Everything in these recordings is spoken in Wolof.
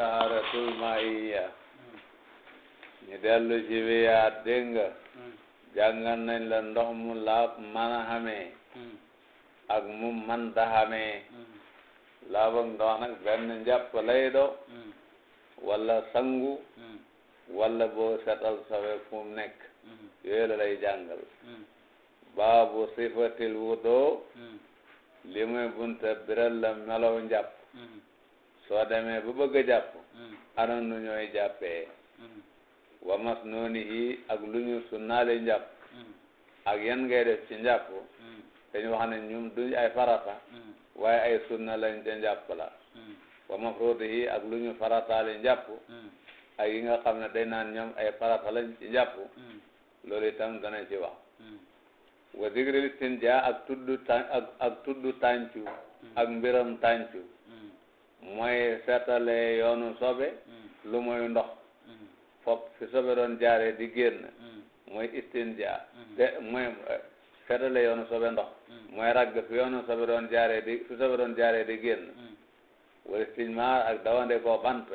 taaratul maiya ñu dellu ci wiyaat dégg nga jàngal nañ la ndox mu laab man a xamee ak mu man da xamee laab ak ndox nag benn njàpp lay do wala sangu wala boo setal sawe fu nekk yooyu la lay jàngal baabu sifatil wudo li muy bunta biral la melow njàpp soo demee ba bëgg a jàpp hmm. anam nu ñooy jàppee hmm. wa mas nooni ak lu ñu sunnaale njàpp hmm. ak yan ngay def ci njàpp dañu wax na ñoom duñ ay farata waaye ay sunna lañ ca njàpp la wa mafruuti yi ak lu ñu farataale njàpp ak yi nga xam ne day naan ñoom ay farata lañ ci njàpp loolu itam dana ci wax wa zikril istinja ak tuddu tan ak ak tuddu tàncu ak mbiram tàncu mooy seetale yoonu sobe mm. lu muy ndox mm. fop fi sobe doon jaare di génn mm. mooy istinja mooy eh, seetale yoonu sobe ndox mooy ragg fi yoonu sobe doon jaare di fi sobe doon jaare di génn wala istinmaar ak dawande koo bant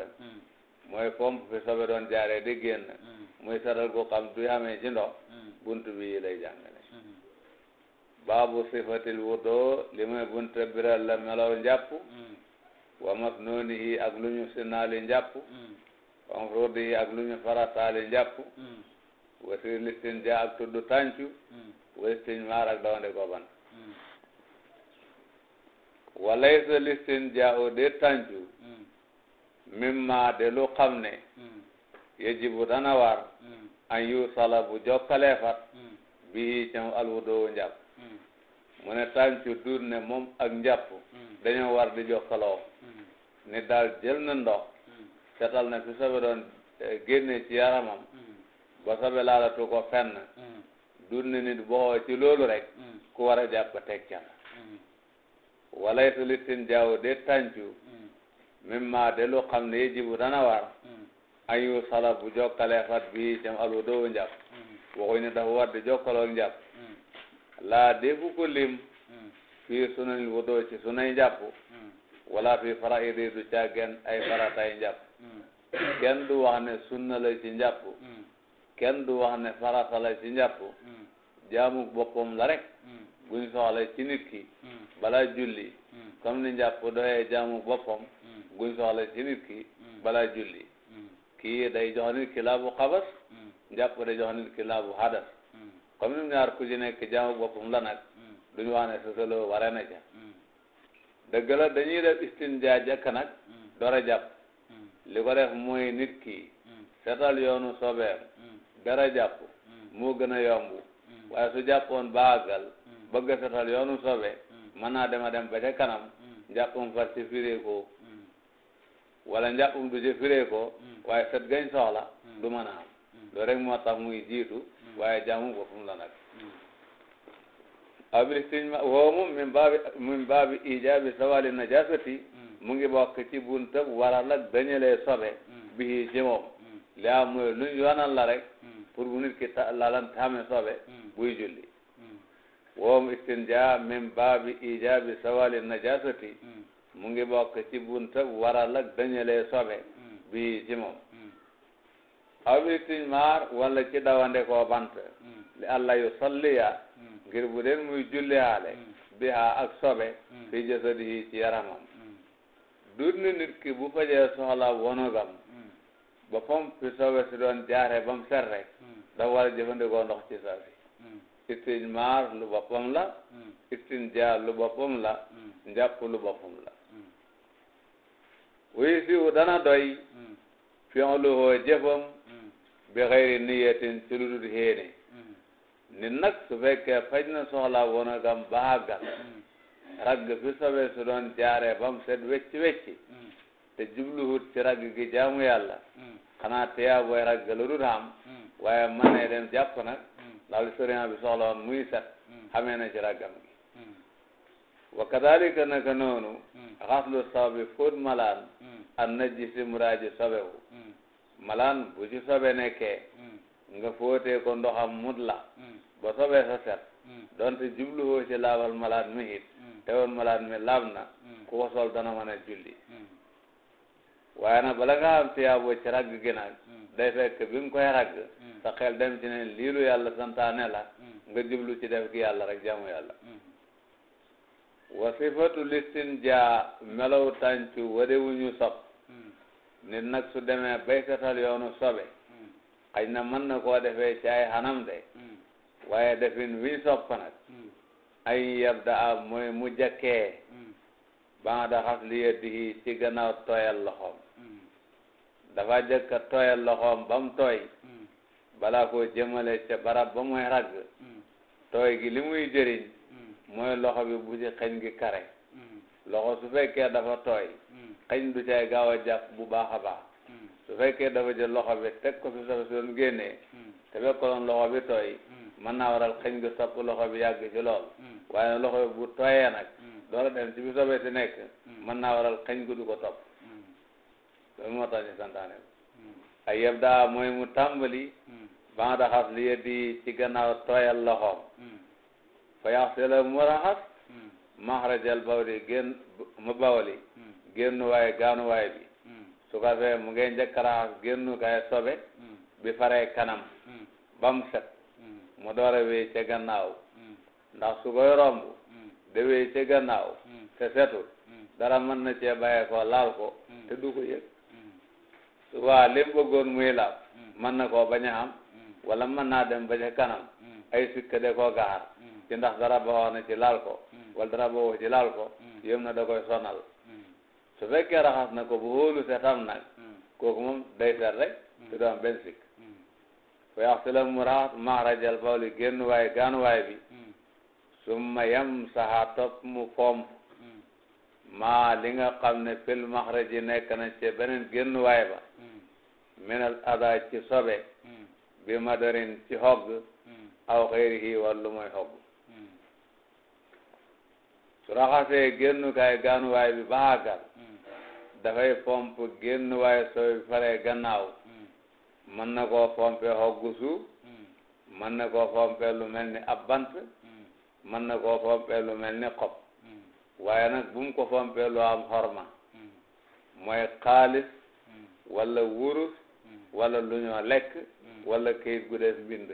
mooy pompe fi sobe doon jaare di génn mooy seetal ko xam du xamee ci ndox bunt bi lay jàngale baabu sifatil wudo li muy bunte biral la melaw njàpp wamat noonu yi ak lu ñu sinnaali njàpp mm. wam roodi yi ak lu ñu farataali njàpp mm. wasi listin ja ak tuddu tàncu mm. wasitin maar ak dawande goban walay sa listin ja o de tàncu mimma de xam ne yajibu dana war an yu sala bu fat bii cam alwudoo njàpp mu ne tàncu ne moom ak njàpp dañoo war di jokkaloo ni daal jël na ndox setal na fi sobe doon eh, génne ci yaramam ba sobe laalatu ko fenn dund nit boo ci loolu rek ku war a jàpp teg ca la walaytu listin jaaw de tàncu même ma de lu xam ne jibu dana war ayu sala bu jokkale fat bi cam alu doo njàpp waxuñ ne dafa war di jokkaloog njàpp laa de bu ko lim fii sunanil wudoo ci sunay jàpp wala fi faraidi du càggen ay faratay njàpp hmm. kenn du wax ne sunna la ci njàpp hmm. kenn du wax ne farata la ci njàpp hmm. jaamu boppam la rek buñ soxla ci nit ki balaa julli comme ni njàpp doxee jaamu boppam buñ soxla ki balaa julli day jox nit ki laabu xabas day jox nit ki laabu hadas comme ni ñaar ku ci nekk jaamu boppam la nag duñ wax ne na dëgg la dañuy def istinjaa jëkk nag mm. door a jàpp mm. li ko nit ki mm. setal yoonu sobeem dara jàpp moo gën a yomb waaye su jàppoon baagal bëgg a setal yoonu sobe mën naa dema dem ba ca kanam njàppum far ci firee ko wala njàppum du ci firee ko waaye set gañ soxla du mën a am loolu rek moo waaye jaamu ko fu mu la abrisin woomu min baabi min ijaabi sawali najasati mu ngi bokk ci bunta waral ak dañalee sobe bi ci moom li am lu ñu yoonal la rek pour bu nit ki lalan taame sobe buy julli woomu istinja min baabi ijaabi sawali najasati mu ngi bokk ci bunta waral ak dañalee sobe bi ci moom abrisin maar wala ci dawande koo bant li Allah yu salliya ngir bu den muy julliaale mm. biha ak sobe mm. fi jasadihi ci yaramam mm. duut na nit ki bu fajee soxla wonogam boppam fi sobe si doon jaare ba mu set rek dafa war a jëfandikoo ndox ci sobe istinmaar lu boppam la istinjaar lu boppam la njàpp lu boppam la wuy siw dana doy fi'luhu jëfam bi xayri niyatin ci lu dul héene nit nag su fekkee na soxla woon ak baagal ragg fi sobee su doon jaaree ba set wecci wecci te jubluwut ci ragg gi jaamu yàlla xanaa teyaa booy ragg lu dul xam waaye mën na dem jàpp nag loolu historien bi soxla woon muy set xamee na ci raggam gi wa kadalika naka noonu xaslu sawbi fóot malaan an na ji si muraaji sobewu malaan bu ci sobe nekkee nga fóotee ko ndoxam mut ba sobee sa set hmm. donte jubluwoo ci laabal malaat mi it hmm. tewoon malaat mi laab na hmm. ku ko dana mën a julli waaye nag bala nga am tiyaabo ragg gi nag day fekk bi nga koy ragg sa dem ci ne liilu yàlla santaane la nga jublu ci def gi yàlla rek jaamu yàlla wa sifatu listin jaa melow tàncu wadewuñu sob nit nag su demee bay setal yoonu sobe xëy na man na ko defee ci ay de waaye defin wi sopp nag hmm. ay yabda mooy mu jëkkee hmm. ba da xas li yadihi ci gannaaw tooyal loxoom hmm. dafa jëkk a tooyal loxoom ba mu tooy balaa koo jëmale ca barab ba muy ragg tooy gi li muy jëriñ mooy loxo bi bu ci xëñ gi kare loxo su fekkee dafa tooy xëñ du cay gaaw a jàpp bu baax a baax su fekkee dafa jël loxo bi teg ko fi sa doon génnee te fekk loxo bi tooy man naa waral xëñ nga sopp loxo bi yàgg ci lool hmm. waaye loxo bu tooyee nag hmm. door a dem ci bi sobee si nekk hmm. mën naa waral xëñ nga du ko topp loolu moo tax ñu santaane ay yëpp daa mooy mu tàmbali ba nga li yeddi ci gannaaw tooyal loxoom fa yax si la mu raxas maxrajal bawli génn mu bawli génn waaye gaanu waaye bi su ko fee mu ngeen njëkk raxas génnu kaay sobe bi faree kanam bam set mu door a wéy ca gannaaw mm. ndax su koy mm. de wéy ca mm. te setul dara mën na cee bàyyee ko laal ko te du ko yëg su waa li mu bëggoon muy laal mën na ko bañ a wala mën naa dem ba ca kanam ay sikka de koo gaar ci ndax dara bawoo na ci laal ko wala dara bawoo ci laal ko yëm na da koy sonal su fekkee raxas na ko bu setam nag kooku moom day set rek te du am benn fayaxtila mu raxas maxrajal bawli génn waay gaanuwaay bi summa yam saxa topp mu fomp maa li nga xam ne fil maxraji nekk na ci beneen génn waay ba minal ada ci sobe bi madarin ci xogg aw xëyrihi wàllu mooy xogg su raxasee génnukaay gaanuwaay bi ba àggal dafay fomp génn waay sobe bi gannaaw mën na koo fompe xoggu suuf hmm. mën na koo fompe lu mel ni ab bant hmm. mën na koo fompe lu mel ni xob hmm. waaye nag bu mu ko fompe lu am xorma mooy xaalis wala wurus wala lu ñoo lekk walla kayit gu def mbind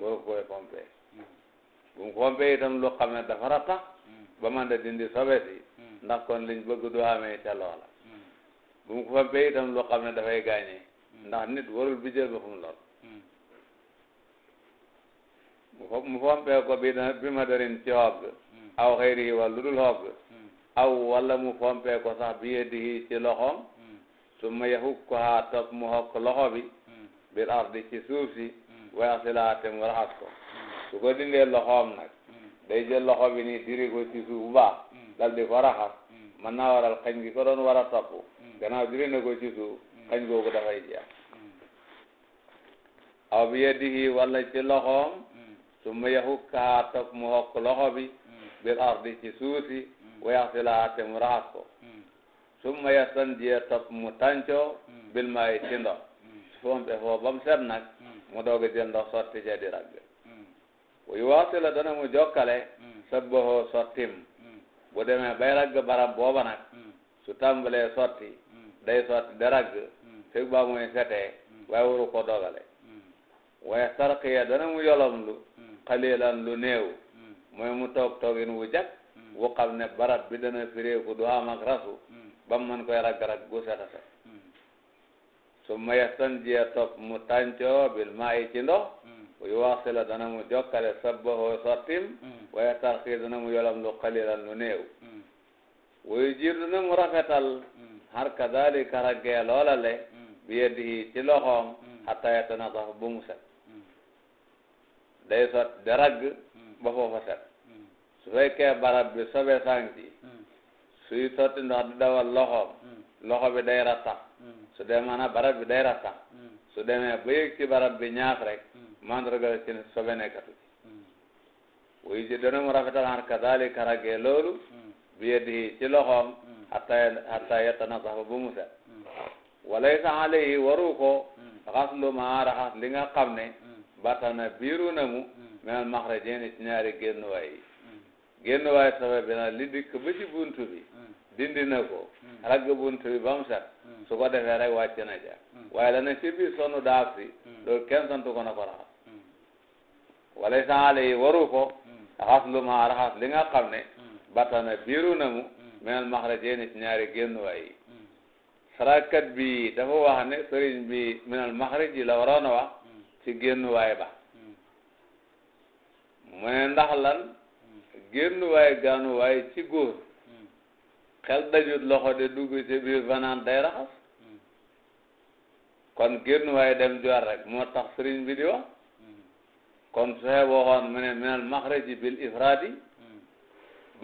waru koy fompe bu mu fompe itam lu xam ne dafa ratax ba man de dindi sobe si ndax kon liñ bëgg du amee ca loola bu mu ko fompe itam lu xam ne dafay gaañee ndax nit warul bi jël ba fu mu mu fo bi dana bi ma ci xoog hmm. aw xëyri yi wala lu dul hmm. aw wala mu fompee sax bi yeddi ci loxoom su ma haa topp mu xokk loxo bi hmm. biir ardi ci suuf si waya silaate mu raxas ko su ko dindee loxoom nag day jël loxo bi diri ko ci suuf bu dal di ko raxas naa waral xañ gi ko doon war a topp gannaaw diri na ko ci suuf kañ googu dafay jeex aw bi yadihi walla ci loxoom su ma yahukkaha topp mu hokk loxo bi bil ardi ci suusi wayaxsilaha te mu raxas ko su ma yastanjiya topp mu tàncoo bil maayi ci ndox su fompe foofu ba set nag mu doog a ndox sotti ca di ragg wuyu waxtu la dana mu jokkale sabbaho sottim bu demee bay ragg barab booba nag su tàmbalee sotti day sotti darag hmm. fekk ba muy setee hmm. waaye waru ko dogale hmm. waaye sarqiya dana mu yolom lu xalilan lu néew mooy mu toog toogin wu jag wu xam ne barab bi dana firéeku du am ak rasu ba mu mën koy rag-rag gu set a set su ma yastanjiya topp mu tàncoo bil maa ci ndox yu wax si la dana mu jokkale sabbahoo sottim waaye tarqi dana mu yolom lu xalilan lu néew wuyu jiir dana mu rafetal har kadhalika raggee loola le bi hmm. yadihi ci loxoom hmm. hatta yatanazzafa ba mu set hmm. day sot de ragg ba foofa barab bi sobe sang ci suy sotti ndox di dawal loxoom loxo bi day rattax su dee maanaam barab bi day rattax su demee ba yëg ci barab bi ñaaf rek mandarga la ci sobe nekkatu wuy ci dana mu rafetal har kadhalika raggee loolu bi yadihi ci loxoom hatta yatanazafa ba mu set hmm. walaysa alayhi waru ko xaslu hmm. maa raxas li nga xam ne hmm. batana biiru na mu minal maxrajayni ci ñaari génnuwaay yi génnuwaay safa bi nag li dikk ba ci buntu bi dindi ko ragg buntu bi ba mu set su ko defee rek wàcc na ja waaye la ne ci biir sonu daaf si kenn santu ko ko raxas walaysa alayhi waru ko xaslu maa raxas li nga xam ne batana biiru na mu minal maxrajayni ci ñaari génnuwaay yi sarakat bi dafa wax ne sëriñ bi minal maxraj yi la waroon a wax ci génnuwaay ba mu ne ndax lan génnuwaay gaanuwaay ci góor xel dajut loxo de dugg ci biir banaan day raxas kon génnuwaay dem joor rek moo tax sëriñ bi di wax kon su xee waxoon mu ne minal maxraj bil ifraadi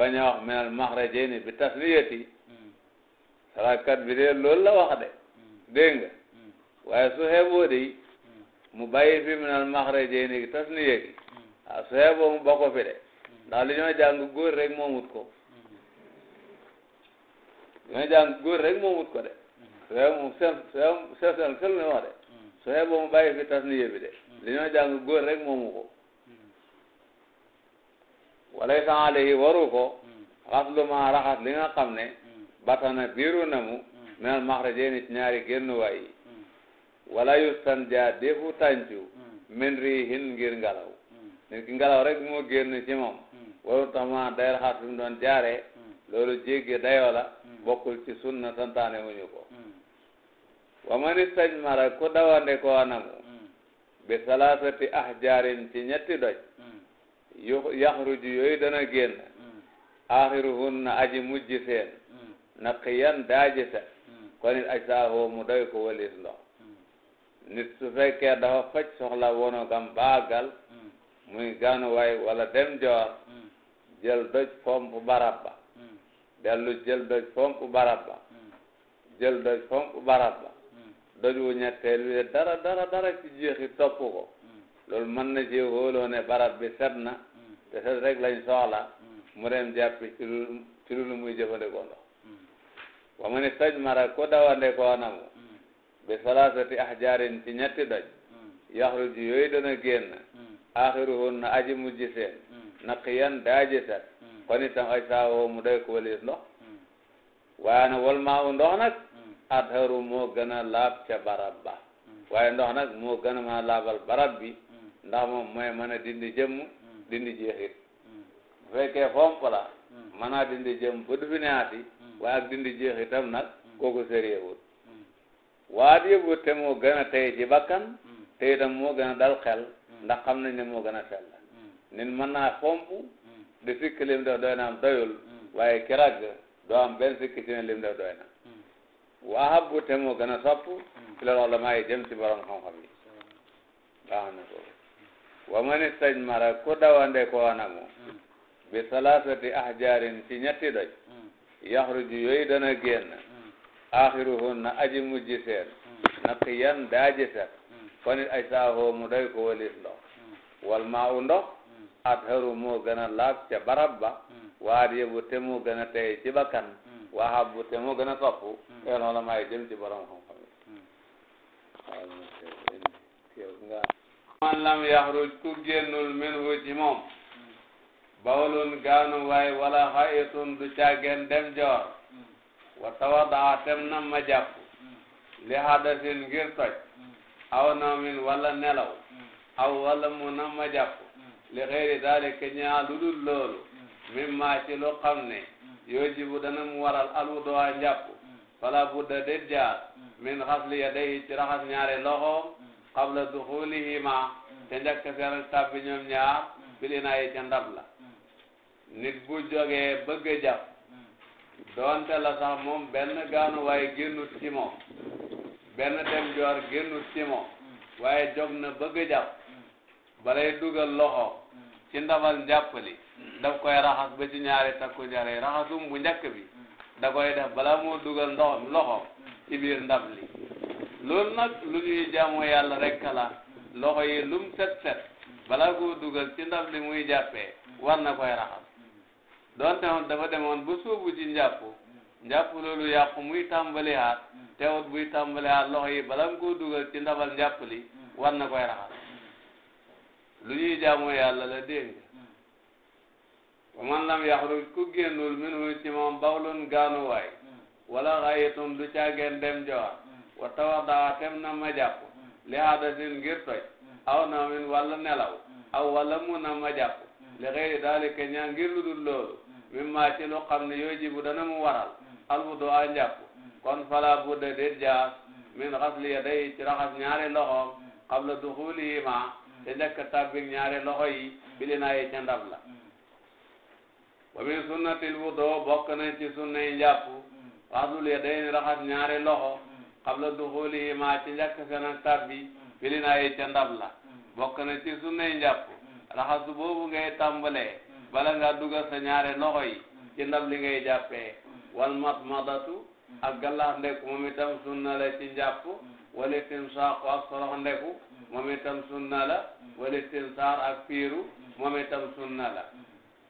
bañ a wax minal maxrajayni bi tasliyati hmm. sarakat bi de loolu la wax de hmm. dégg nga hmm. waaye su xeeboo de mu bàyyi fi minal maxrajayni bi tasliyati ah su xeeboo mu bako de ndax li ñoo jàng góor rek moomut ko li ñoo jàng góor rek moomut ko de su xeeboo seen seen seen seen lu wax de mu bàyyi fi tasniye li ñoo jàng góor rek moomu ko walaysa alayhi waru ko xaslu hmm. ma raxas li nga xam ne hmm. batana biiru na mu hmm. minal maxrajayni ci ñaari génnuwaay yi wala yustanja defu tàncu min rihin ngir ngelaw nit ki ngelaw rek moo génn ci moom waru tama day raxas mu doon jaaree loolu jéggi dayoo la bokkul ci sunna santaane wuñu ko wa man istajmara ku dawande ko anamu bi salaasati ahjaarin ci ñetti doj yu yaxruju yooyu dana génn mm. axiruhunna aji mujj seen mm. naqiyan daaji set mm. kon it aj saa hoo mu doy ko walis la nit su fekkee dafa faj soxla wonogam baagal muy ganuwaay wala dem joor jël doj fomp barab ba jël doj fomp barab ba doj fomp barab ba doj dara dara dara ci jeexi topp ko loolu mën na ci hóoloo ne barab bi set na te sel rek lañ soxla mm. mu dem jàpp ci lu ci lu muy jëfandikoo ndox mm. wa mu ni soj mara ko dawande koo namu bi salaasati ahjaarin ci ñetti doj mm. yaxru ji yooyu dana génn axiruhun na aji mujj seen naqiyan daaji set kon itam ay saawoo mu doy ko walis ndox waaye nag wal maa u ndox nag adharu moo gën a laab ca barab ba waaye ndox nag moo gën a mën laabal barab bi ndax moom mooy mën dindi jëmm dindi jeexit hmm. bu fekkee fomp la hmm. mën naa dindi jëm ba du fi neexati hmm. waaye ak dindi jeexitam nag kooku sérieux wut waat yëbu te moo gën a tey ci bakkan te itam moo gën a dal xel ndax xam nañ ne moo gën a sell nit mën naa fomp di sikk lim def doy na am doyul waaye kirag doo am benn sikk ci ne lim def doy na waaxab bu te gën a sopp ci la loolu maa ci borom xam-xam yi baax na ko wa ma ni ma mara ku dawande ko anamu hmm. bi salaasati ahjaarin ci ñetti doj hmm. yaxruju yooyu dana génn hmm. axiruhun na aji mujji seen na qiyan daaji set fanit ay saahoo mu doy ko walis ndox wal maa u ndox at haru moo gën a laab ca barab ba waat yëbu te moo gën a tey ci bakkan waxab te moo gën a sopp te noonu la maay jëm ci borom xam-xam man lam yaxruj ku génnul minhu ci moom bawlun gaanu wala xayitun du càggeen dem joor wa tawadaa tem jàpp li hadasin ngir toj aw nawmin wala nelaw aw wala mu na jàpp li xeeri daalika ñaa lu dul loolu mimma ci lu xam ne yoojibu dana mu waral alwudu njàpp fala budda déet jaar min xasli yadayhi ci raxas ñaari loxoom qabla duxulihima mm. te njëkk seen tabbi ñoom ñaar mm. bilina ca ndab la mm. nit bu jógee bëgg a doonte la sax moom benn gaanu waaye génnut ci moom benn dem joor génnut ci moom waaye jóg na bëgg a jàpp balay dugal loxo ci ndabal njàpp li da koy raxas ba ci ñaari takku njare raxasum bu njëkk bi da koy def bala moo dugal loxo ci biir ndab li loolu nag lu ñuy jaamu yàlla rek la loxo yi lum set set balaa koo dugal ci li muy jàppee war na koy raxas donte woon dafa demoon ba sóobu ci njàpp njàpp loolu yàqu muy tàmbali haat teewut buy tàmbali haat loxo yi balaa koo dugal ci ndabal njàpp li war na koy raxas lu ñuy jaamu yàlla la dégg wa man lam yaxruj ku génnul minhu ci moom bawlun gaanuwaay wala xayitun du caageen dem joor wata tawaddaa tem na ma jàpp li hadasin ngir toj aw naamin walla nelaw aw walla mu na ma jàpp li xëyri daalika ñaa ngir lu dul loolu mimma ci lu xam ne yooy jibu dana mu waral alwudu a njàpp kon fala budda déet jaas min xasli yaday ci raxas ñaari loxoom qabla duxulihima te njëkk tàbbik ñaari loxo yi bilinaayi ca ndab wa min sunnatil wudu bokk na ci sunna yi njàpp xaslul yaday ni raxas ñaari loxo qabla duxulihi ma ci njëkk seen ak tàbbi fili naa yi ca ndab la bokk na ci sunnay njàpp raxasu boobu ngay tàmbalee bala ngaa dugal sa ñaare loxo yi ci ndab li ngay jàppee wal matmadatu ak gallax ndeku moom itam sunna la ci njàpp wal istinsaaqu ak sorox ndeku moom itam sunna la wal istinsaar ak piiru moom itam sunna la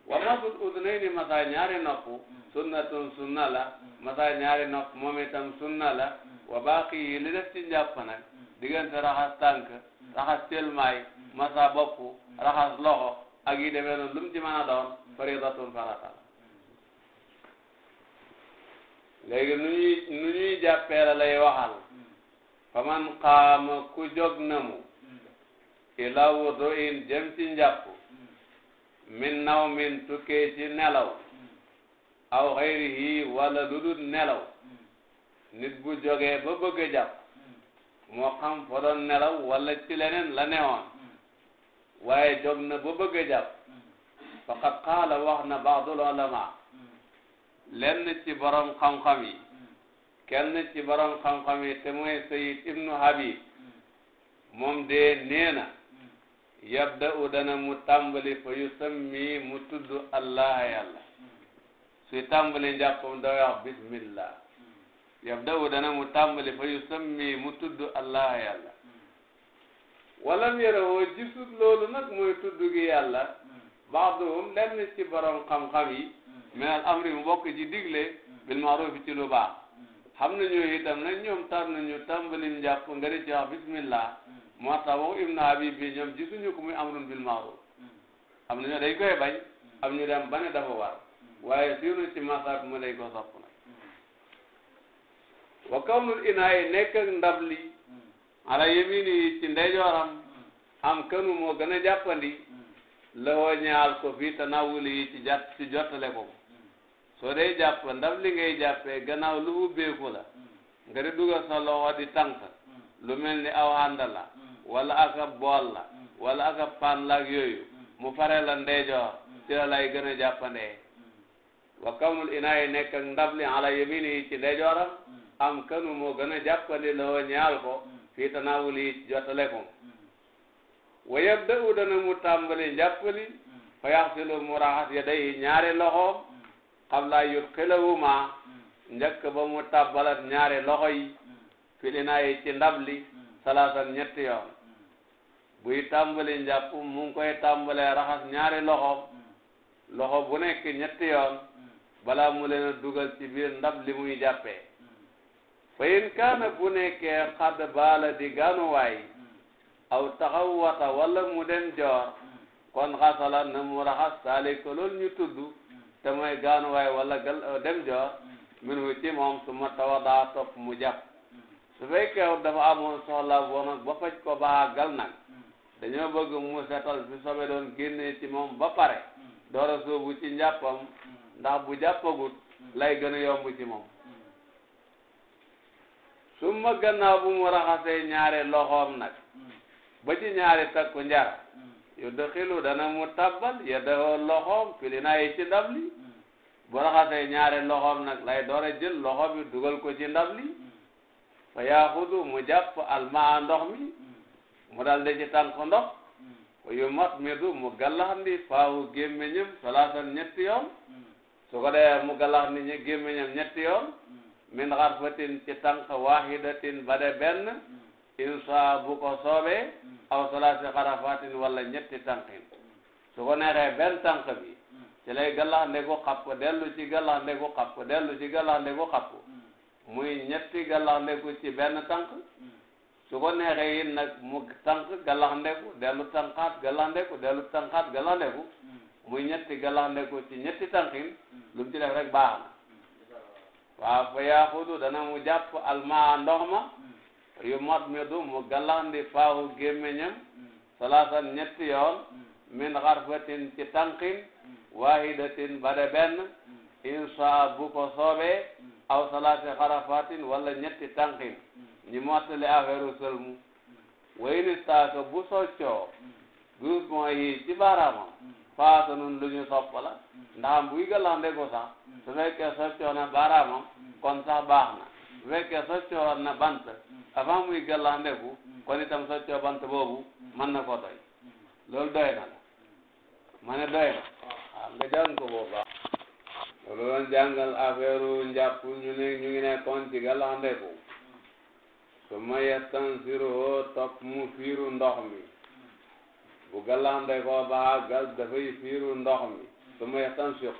wa masul udunayni masa ñaari nopp sunnatun sunna la masa ñaari nopp moom itam sunna la wa baaqi yi li def ci njàpp nag diggante raxas tànk raxas cëlmaay masa bopp raxas loxo ak yi demee noonu lu ci mën a doon faridatun farata la léegi nu ñuy nu ñuy jàppee la lay waxal fa man qaama ku na mu ila wudu in jëm ci njàpp min naw min tukkee ci nelaw aw xayrihi wala lu dul nelaw nit bu jógee ba bëgg a jàpp moo xam fa doon nelaw wala ci leneen la newoon waaye jóg na ba bëgg a jàpp faqad qaala wax na baadul ulama lenn ci borom xam-xam yi kenn ci borom xam-xam yi te mooy sayid ibnu habib moom de nee yabda u dana mu tàmbali fa yusammi mu tudd allah yàlla suy tàmbali njàppam da wax bismillah yabdawu dana mu tàmbali fa yusammi mu tudd allah yàlla walam yarahoo gisut loolu nag mooy tudd gi yàlla baaduhum lenn ci borom xam-xam yi min al amri mu bokk ci digle bil maaruf ci lu baax xam nañu itam nag ñoom tar nañu tàmbali njàpp nga di ci wax bismillah moo tax waxu ibnu habib bi ñoom gisuñu ko muy amrun bil maaruf am nañu dañ koy bañ am ñu dem ba da dafa war waaye siinu ci masak mu lay ko sopp na wa kawnul inaay nekk ak ndab li hmm. ala yemini yi ci ndeyjooram hmm. am kanu moo gën a jàppandi hmm. lawoo ñaal ko fii tanawuli yi ci jàpp ci jottale ko soo dee jàpp ndab li ngay jàppee gannaaw lu ubbeeku la nga di sa loxo di tànk lu mel ni aw ànd la wala aka bool la wala aka pan la ak yooyu mu fare la ndeyjoor ci la lay gën a jàppandee wa kawnul inaay nekk ak ndab li ala yemini yi ci ndeyjooram am kanu moo gën a jàppandi loo ñaal ko fii tanaawuli jotale ko wa yabda'u dana mu tàmbale njàppali fa yaxsilu mu raxas yadayhi ñaari loxoom qabla yudxilahuma njëkk ba mu tàbbalat ñaari loxo yi filina ci ndab li salaasan ñetti yoon buy tàmbali njàpp mu ngi koy tàmbalee raxas ñaari loxoom loxo bu nekk ñetti yoon balaa mu leen a dugal ci biir ndab li muy jàppee fayin kaana bu nekkee xadd baala di ganuwaay aw taxaw wata wala mu dem joor kon xasala na mu raxas saali ko loolu ñu tudd te mooy ganuwaay wala gal dem joor minu ci moom su ma tawa daa topp mu jàpp su fekkee dafa amoon soxla boo nag ba faj ko baa gal nag dañoo bëgg mu setal fi sobe doon génnee ci moom ba pare door a sóobu ci njàppam ndax bu jàppagut lay gën a yomb ci moom summa gannaaw bu mu raxasee ñaari loxoom nag mm. ba ci ñaari takku njar mm. yu dëxilu dana mu tabbal ya dawoo loxoom fili ci ndab li mm. bu raxasee ñaari loxoom nag lay door a jël loxo bi dugal ko ci ndab li fa yaaxudu mu jàpp almaa ndox mi mu dal di ci tànk ndox yu mat mi du mu gallaxndi faawu gémmiñam salaasan ñetti yoon su ko dee mu gallaxndi ñe gémmiñam ñetti yoon min xarfatin ci tànk wahidatin ba de benn insa bu ko soobee aw salaasi xarafatin walla ñetti tànkin su ko neexee benn tànk bi ci lay gàllax ndeku dellu ci gàllax ndeku xapp dellu ci gàllax ndeku xapp muy ñetti gàllax ndeku ci benn tànk su ko neexee yit nag mu tànk gàllax ndeku dellu tànkaat gàllax ndeku dellu tànkaat gàllax ndeku muy ñetti gàllax ci ñetti tànkin lu mu ci def rek baax waaw fa yaaxudu dana mu jàpp almaa ndox ma hmm. yu mot mi du mu gàllandi faahu gémmiñam hmm. salaasan ñetti yoon hmm. min xarfatin ci tànqin waahidatin bade benn insha bu ko soobee aw salaasi xarafatin wala ñetti tànqin ñi mottali affaire sëlmu wayni saaka bu soccoo groupement yi ci baaraamam faasanun lu ñu sopp la ndax buy gàllandeku sax su fekkee soccoon na baaraamam kon sax baax na su fekkee soccoon na bant avant muy gàllandeku kon itam soccoo bant boobu mën na ko doy loolu doy na la ma ne doy na waaw nga jàng ko boobu baax loolu doon jàngal affaire njàpp ñu ne ñu ngi nekkoon ci gàllandeku su ma yestan siro topp mu fiiru ndox mi bu gàllande koo baax gas dafay fiiru ndox mi su may tansiq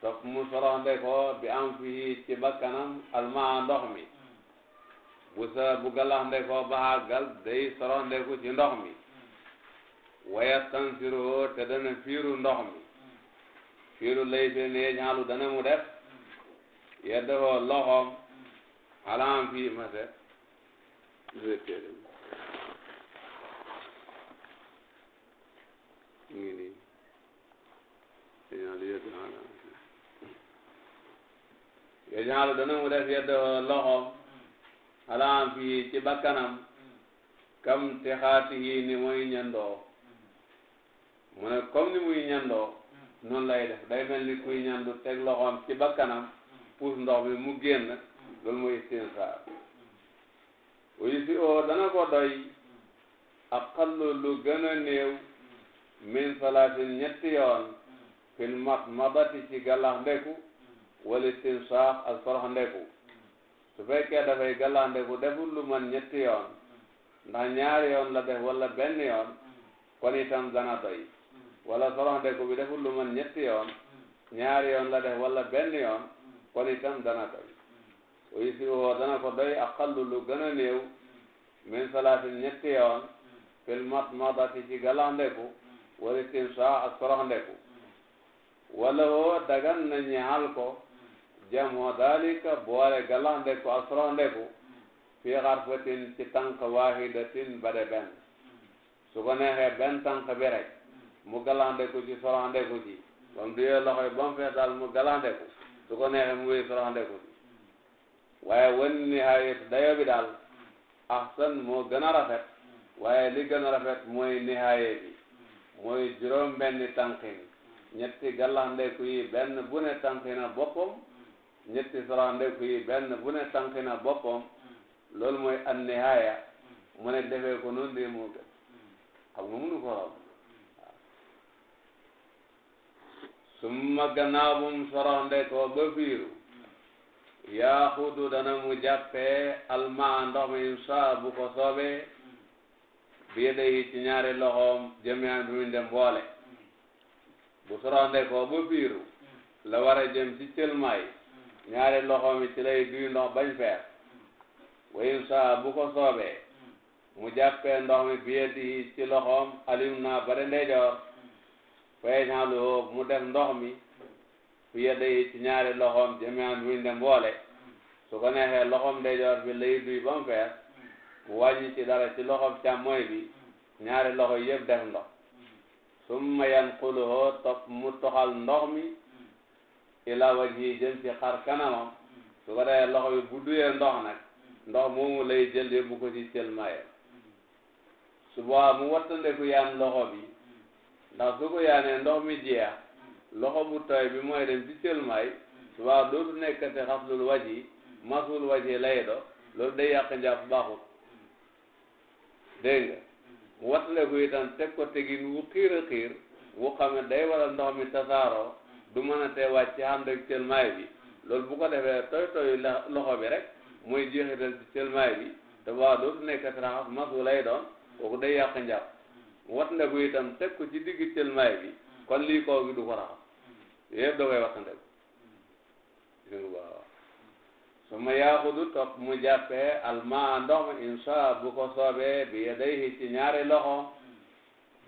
topp mu soroxnde koo bi am fii ci bakkanam almaa ndox mi bu sa bu gàllande koo baax gas day soroxnde ku ci ndox mi waya tansiroo te dana fiiru ndox mi fiiru lay te ne ñaalu dana mu def yeddoo loxoom xalaam fii ma set mu ngi nii yajaalu dana mu def yedd loxoom alaam fii ci bakkanam kam te xaati yi ni muy ñandoo mu ne comme ni muy ñandoo noonu lay day mel ni kuy ñandu teg loxoom ci bakkanam puus ndox mi mu génn loolu mooy istinsaar uyu si oo dana ko doy aqallu lu gën min salaatin ñetti yoon fil matmadati ci gàllax ndeku wala stinsaax ak sorox ndeku su fekkee dafay gàllax deful lu man ñetti yoon ndax ñaari yoon la def wala benn yoon kon itam dana doy wala sorox bi deful lu man ñetti yoon ñaari yoon la def wala benn yoon kon itam dana doy oy si woo dana ko doy aqallu lu gën a néew min salaatin ñetti yoon fil matmadati ci gàllax wala istimsaa ak soroxndeku woo dagan na ñaal ko jamoo dalika boole galaxndeku ak soroxndeku fi xarfatin ci tànk waahidatin ba de benn su ko neexee benn tànk bi rek mu galaxndeku ci soroxndeku ci ba mu duyee loxo yi ba mu fees mu galaxndeku su ko mu wéy soroxndeku ci waaye wan nihaayat dayo bi daal ahsan moo gën a rafet waye li gën a rafet mooy nihaayee bi mooy juróom benni tànqin ñetti gàllandeku yi benn bu ne tànqina boppam ñetti sorandeku yi benn bu ne tànqina boppam loolu mooy an nihaaya mu ne defee ko noonu de moo gën xam nga mënu ko xam summa gannaaw bum sorandekoo ba fiiru yaa xudu dana mu jàppee almaa ndox mi saa bu ko soobee bi yedey ci ñaari loxoom jëmyaan bi mu dem boole bu soronde ko ba biiru la wara a jëm ci cëlmaay ñaari loxoom yi ci lay duy ndox bañ feer saa bu ko soobee mu jàppee ndox mi bi yeddi ci loxoom alim naa bare ndeyjoor fay ñaalu hoo mu def ndox mi bi yedey ci ñaari loxoom jëmyaan bi mu dem boole su ko neexee loxoom ndeyjoor bi lay duy ba mu wàññi ci dara ci loxob càmmooy bi ñaari loxo yëpp def ndox summa yanquluhu topp mu toxal ndox mi ila wajhi jëm ci xar kanamam su ko defee loxo bi bu duyee ndox nag ndox moomu lay jël yóbbu ko ci cëlmaye su boobaa mu wattandeku yaan loxo bi ndax su ko yaanee ndox mi jeex loxo bu tooy bi mooy dem ci cëlmaay su boobaa dootu nekkati xaslul wajhi masul wajhi lay do loolu day yàq njàpp baaxut dégg nga watleku itam teg ko tegin wu xiir a wu xam ne day waral ndox mi tasaaroo du mën a tee wàcc ànd ak bi loolu bu ko defee toy toy loxo bi rek mooy jeexital ci cëlmaay bi te waa dootu nekkati raxas masu lay doon kooku day yàq njàpp watleku itam teg ko ci digg cëlmaay bi kon lii kaw gi du ko raxas yëpp da koy waxtandeku su ma yaaxudu topp mu jàppee almaa ndox ma insha bu ko soobee bi yadayhi ci ñaari loxo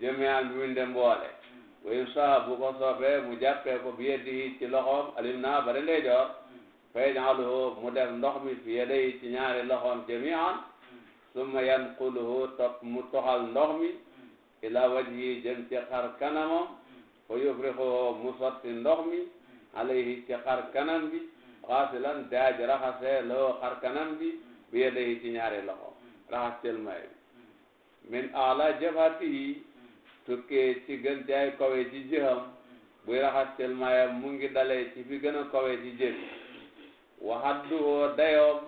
jami'an bi mu dem boole mm. wa insha bu ko soobee mu jàppee ko bi yadihi ci loxoom alim naa bare ndeyjoor mm. fay jaxaluhu mu def ndox mi fi yadayhi ci ñaari loxoom jami'an mm. summa yanquluhu topp mu toxal ndox mi ila wajhi jëm ci xar kanamam fa yufrixuhu mu sotti ndox mi alayhi ci xar kanam bi xaasilan la raxase loo xar kanam bi bi yedey ci ñaari loxo raxas cëlmaay bi min ala jafatihi tukkee ci gën jaay kawe ci jëxam buy raxas cëlmaayam mu ngi dalee ci fi gën a kawe ci jëf waxadduhoo dayoom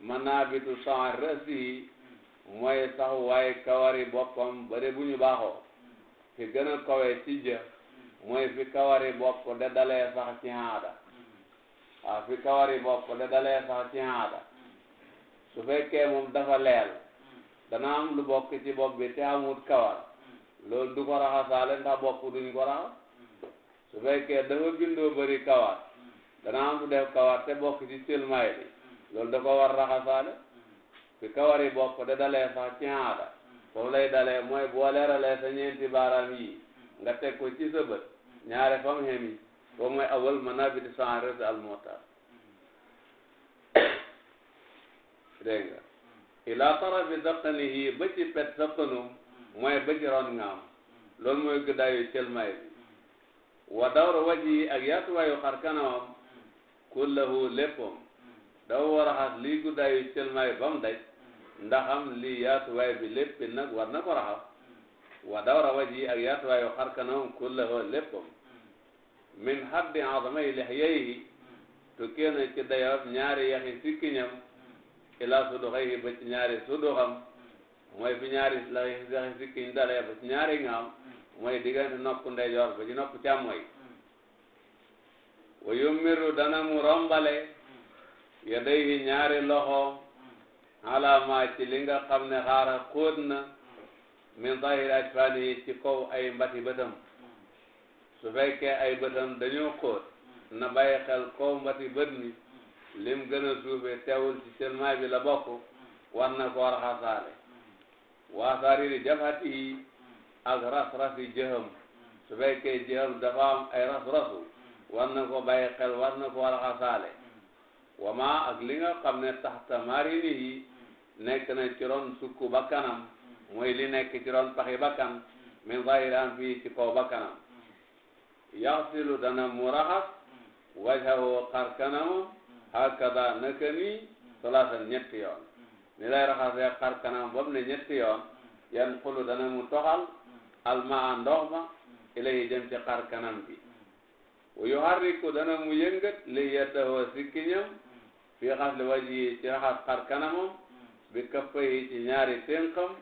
manabitu san rasihi mooy sax waaye kawari boppam bare bu ñu baaxoo fi gën a ci jëf mooy fi kawari bopp de dalee sax ci haada waaw fi kawar yi bokk da dalee sax ci aada su fekkee moom dafa leer dana am lu bokk ci bopp bi te amut kawar loolu du ko raxasaale ndax bokk duñ ko raxas su fekkee dafa bindoo bëri kawar dana am lu def kawar te bokk ci silmaay bi loolu da ko war raxasaale fi kawar yi bokk da dalee sax ci aada foofu lay dalee mooy boo leeralee sa ñeenti baaraam yi nga teg ko ci sa bët ñaare fam boobu mooy awal manabiti sanres al muhtar dégg nga ila tarafi daqanihi ba ci pet daqanum mooy ba ci ron ngaam loolu mooy gëddaayu cëlmaay bi wa dawra waji ak yaatuwaayu xar kanamam kullahu léppam dafa war a xas lii guddaayu cëlmaay ba mu daj ndaxam lii yaatuwaay bi lépp nag war na ko raxas wa dawra waji ak yaatuwaayu xar kanamam kullahu léppam min haddi azamay lihyayhi tukkee na ci dayoob ñaari yaxi sikkiñam ila suduxayhi ba ci ñaari suduxam mooy fi ñaari yaxi sikkiñ dalee ba ci ñaari ngaam mooy diggante nopp ndeyjoor ba ci nopp càmmooy wa yummiru dana mu rombale yadayhi ñaari loxo alama ci li nga xam ne xaara xóot na min zahir ajfani ci kaw ay mbati bëtam su fekkee ay bëtam dañoo xóot na bàyyi xel kaw mbati bët mi lim gën a suufee teewul ci seulement bi la bokk war na ko raxasaale waasaari di jafat yi ak ras-ras yi su fekkee jëham dafa ay ras-rasu na ko bàyyi xel war na ko raxasaale wamaa ak li nga xam ne taxta marini yi nekk na ci ron sukku bakkanam mooy li nekk ci ron paxi bakkan min zahiran fii ci kaw bakkanam yaxsilu dana mu raxas wajhahu xar kanamam hakada naka nii salaasan ñetti ni lay raxasee xar kanam ba mu ne ñetti yan xulu dana mu toxal almaa ndox ma ilay jëm ci xar kanam bi wa yuharriku dana mu yëngat li yeddahu sikkiñam fi xasli waji ci raxas xar kanamam bi kaffay ci ñaari ténqam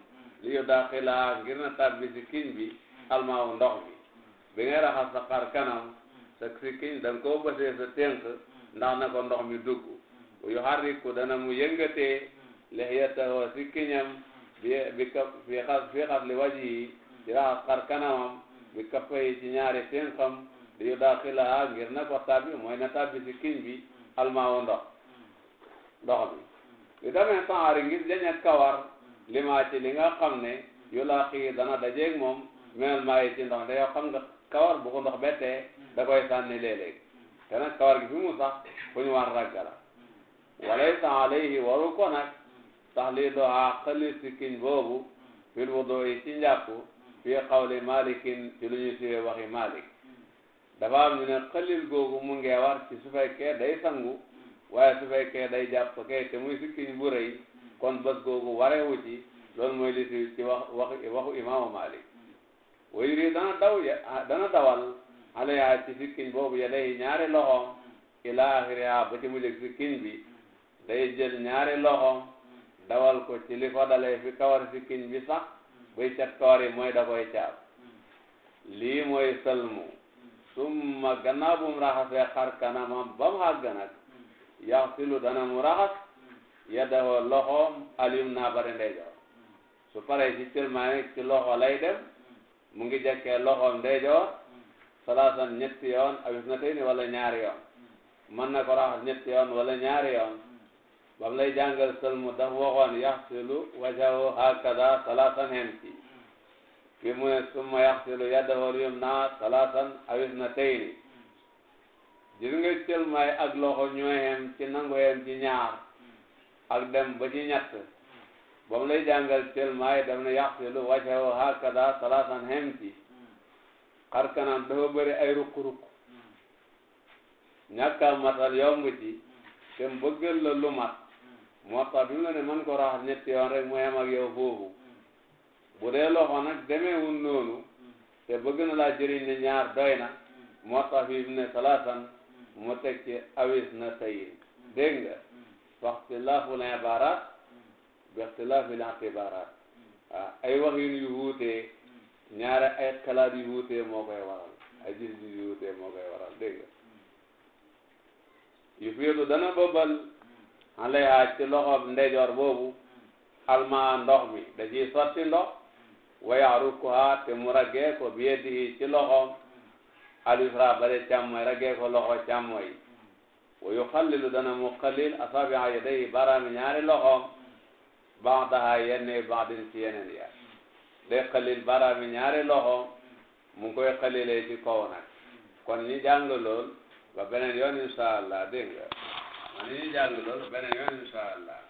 li yu daaxilaa ngir na tàbbi sikkiñ bi almaawu ndox bi bi ngay raxas sa xar kanam sa sikkiñ da nga koo bësee sa tënk ndax ko ndox mi dugg mm-hmm. yu xariku dana mu yëngatee mm-hmm. lexiyatahu sikkiñam bi bi ka fi xas fi xas li waji yi mm-hmm. ci raxas xar kanamam bi kappa yi ci ñaari tënkam di yu daaxilaha ngir na ko tàbbi mooy na tàbbi sikkiñ bi almaawu ndox ndox mi li demee sanari ngir jañet kawar limaa ci li nga xam ne yu laa dana dajeeg moom mel maa yi ci ndox da yow xam nga kawar bu ko ndox da koy sànni léeg-léeg kawar gi fi mu sax fu ñu war ragga la walaysa alayhi waru ko nag sax lii doxaa xëli sikkiñ boobu fil wudu yi ci njàpp fii xawli malikin ci lu ñu siwee waxi malik dafa am ñu ne xëlil googu mu ngee war ci su fekkee day sangu waaye su fekkee day jàpp kay te muy sikkiñ bu kon bés googu wareewu ci loolu mooy li si ci wax waxu imaamu malik wayu rii dana daw dana dawal alaya ci sikkin boobu yadayi ñaari loxoom ila axiriha ba ci mujjëg sikkin bi day jël ñaari loxoom dawal ko ci li ko dalee fi kawar sikkin bi sax boy cat kawar yi mooy da koy caab lii mooy sëlmu summa gannaaw bu mu raxasee xar kanamam ba mu xàgg nag yaxsilu dana mu raxas yadahu loxoom alyum naa bari ndeyjoor su paree ci cëlmaane ci loxo lay dem mu ngi jàkkee loxoom ndeyjoor salaasan ñetti yoon awis na tey ni wala ñaari yoon mën na ko raxas ñetti yoon wala ñaari yoon ba mu lay jàngal sëlmu daf waxoon yaxsilu wajahu hakada salaasan hen ci fii mu ne summa yaxsilu yaddahu lyumna salaasan awis na tey ni gis ak loxo ñooy hem ci nangu hem ci ñaar ak dem ba ci ñett ba mu lay jàngal tellement yi daf ne yaxsilu wajhahu hakada salaasan hemti xar kanam dafa bëri ay rukk-rukk ñàkk matal yomb ci te mbëggal la lu mat moo tax bi mu la ne man ko raxas ñetti yoon rek mu yem ak yow boobu bu loxo nag demeewul noonu te bëgg na laa jëriñ ne ñaar doy na moo mu ne salaasan mu teg ci awis na sayin dégg nga waxtilaafu l ibarat bi ixtilaafi l-i'tibaaraat hmm. ah hmm. ñaare ay xalaat yu wuute waral ay gis-gis yu waral dégg nga hmm. yu fiitu dana bëbal alayha ci loxob ndeyjoor boobu almaa ndox mi da ciy sotti ndox wa ya'rukuhaa te mu raggee ko bi yadihi ci loxoom al-yusraa bare càmmoy raggee ko loxo càmmoy wa yuxallilu dana mu xalil asaabi'a yadayhi baaraam ñaari loxoom baax daxa yenn baax din ci yeneen ya day xalil baraami ñaari loxoom mu ngi koy xalilee ci kaw nag kon ñi jàng lool ba beneen yoon incha allah dégg nga man ñi jàng lool